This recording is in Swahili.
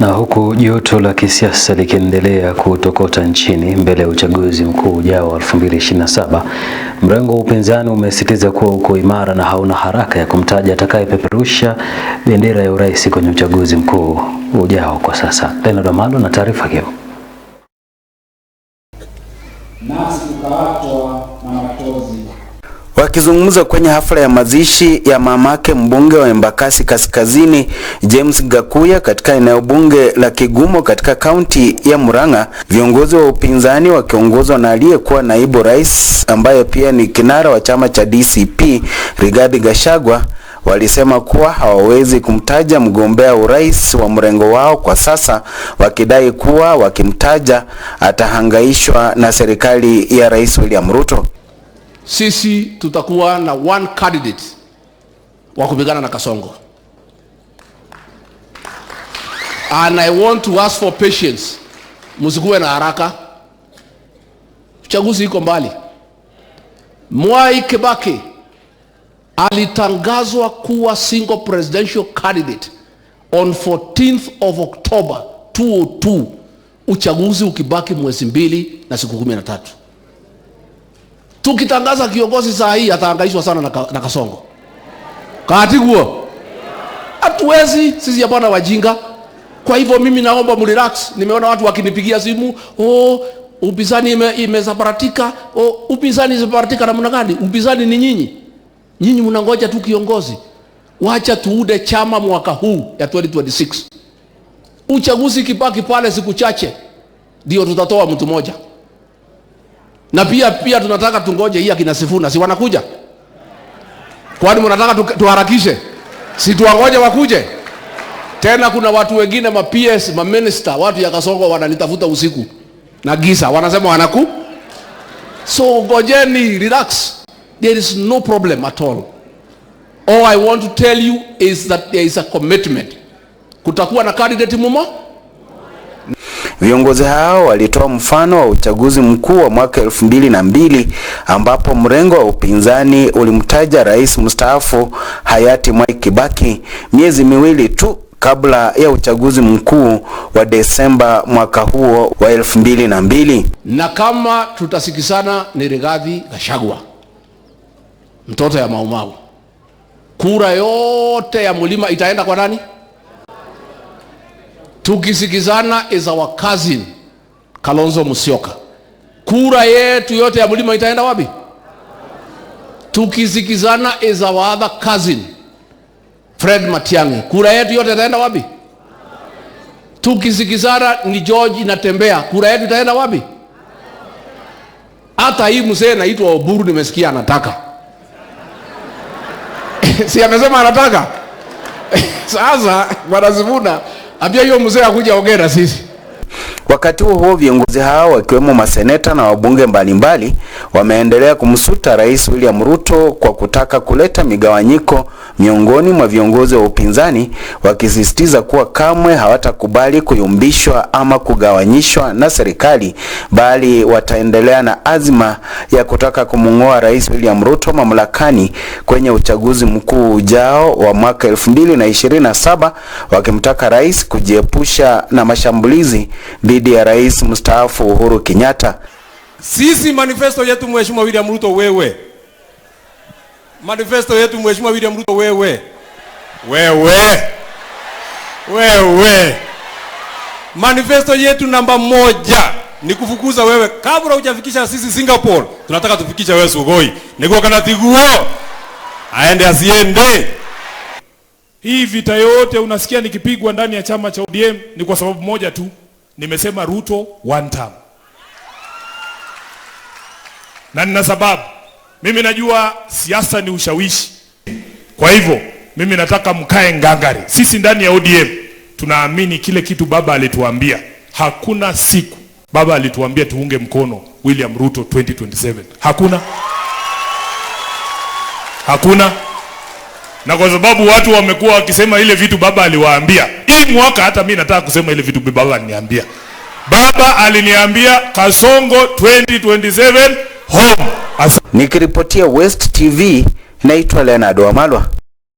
Na huku joto la kisiasa likiendelea kutokota nchini mbele ya uchaguzi mkuu ujao wa 2027, mrengo wa upinzani umesisitiza kuwa uko imara na hauna haraka ya kumtaja atakayepeperusha bendera ya urais kwenye uchaguzi mkuu ujao. Kwa sasa, Leonard Amalo na taarifa hiyo. Nasi na machozi Wakizungumza kwenye hafla ya mazishi ya mamake mbunge wa Embakasi Kaskazini James Gakuya katika eneo bunge la Kigumo katika kaunti ya Murang'a, viongozi wa upinzani wakiongozwa na aliyekuwa naibu rais ambaye pia ni kinara wa chama cha DCP Rigathi Gachagua walisema kuwa hawawezi kumtaja mgombea urais wa mrengo wao kwa sasa, wakidai kuwa wakimtaja atahangaishwa na serikali ya Rais William Ruto sisi tutakuwa na one candidate wa kupigana na Kasongo. And I want to ask for patience, msikuwe na haraka. Uchaguzi iko mbali. Mwai Kibaki alitangazwa kuwa single presidential candidate on 14th of October 2002, uchaguzi ukibaki mwezi mbili na siku 13 tukitangaza kiongozi saa hii ataangaishwa sana na, ka, na Kasongo Katiguo, hatuwezi sisi, hapana wajinga. Kwa hivyo mimi naomba mrelax. Nimeona watu wakinipigia simu, oh, upinzani imesambaratika ime oh, upinzani imesambaratika namna gani? Upinzani ni nyinyi, nyinyi mnangoja tu kiongozi. Wacha tuude chama mwaka huu ya 2026 uchaguzi kipaki pale siku chache ndio tutatoa mtu mmoja na pia pia tunataka tungoje hii akina Sifuna, si wanakuja? Kwani mnataka tuharakishe? Si tuwangoje wakuje? Tena kuna watu wengine ma PS ma minister watu ya Kasongo wananitafuta usiku na giza, wanasema wanaku. So ngojeni, relax, there is no problem at all. All I want to tell you is that there is a commitment. Kutakuwa na candidate mmoja Viongozi hao walitoa mfano wa uchaguzi mkuu wa mwaka elfu mbili na mbili ambapo mrengo wa upinzani ulimtaja rais mstaafu hayati Mwai Kibaki miezi miwili tu kabla ya uchaguzi mkuu wa Desemba mwaka huo wa elfu mbili na mbili. Na kama tutasikizana ni Rigathi Gachagua mtoto ya Maumau, kura yote ya mlima itaenda kwa nani? tukisikizana is our cousin Kalonzo Musyoka. Kura yetu yote ya mlima itaenda wapi? Tukisikizana is our other cousin Fred Matiang'i. Kura yetu yote itaenda wapi? Tukisikizana ni George Natembea. Kura yetu itaenda wapi? Hata hii mzee naitwa Oburu nimesikia anataka si amesema anataka sasa, Bwana Zimuna Ambia hiyo mzee akuja Ogera sisi Wakati huo huo, viongozi hao wakiwemo maseneta na wabunge mbalimbali wameendelea kumsuta Rais William Ruto kwa kutaka kuleta migawanyiko miongoni mwa viongozi wa upinzani, wakisisitiza kuwa kamwe hawatakubali kuyumbishwa ama kugawanyishwa na serikali, bali wataendelea na azma ya kutaka kumng'oa Rais William Ruto mamlakani kwenye uchaguzi mkuu ujao wa mwaka 2027 wakimtaka rais kujiepusha na mashambulizi dhidi ya rais mstaafu Uhuru Kenyatta. Sisi manifesto yetu Mheshimiwa William Ruto, wewe manifesto yetu Mheshimiwa William Ruto, wewe wewe wewe, manifesto yetu namba moja ni kufukuza wewe kabla hujafikisha sisi Singapore. Tunataka tufikisha wewe Sugoi nikuwa kana tiguo aende asiende. Hii vita yote unasikia nikipigwa ndani ya chama cha ODM ni kwa sababu moja tu. Nimesema Ruto one term, na nina sababu. Mimi najua siasa ni ushawishi, kwa hivyo mimi nataka mkae ngangari. Sisi ndani ya ODM tunaamini kile kitu baba alituambia. Hakuna siku baba alituambia tuunge mkono William Ruto 2027, hakuna hakuna na kwa sababu watu wamekuwa wakisema ile vitu baba aliwaambia, hii mwaka hata mi nataka kusema ile vitu baba aliniambia. Baba aliniambia Kasongo 2027 home. Nikiripotia West TV, naitwa Leonard Wamalwa.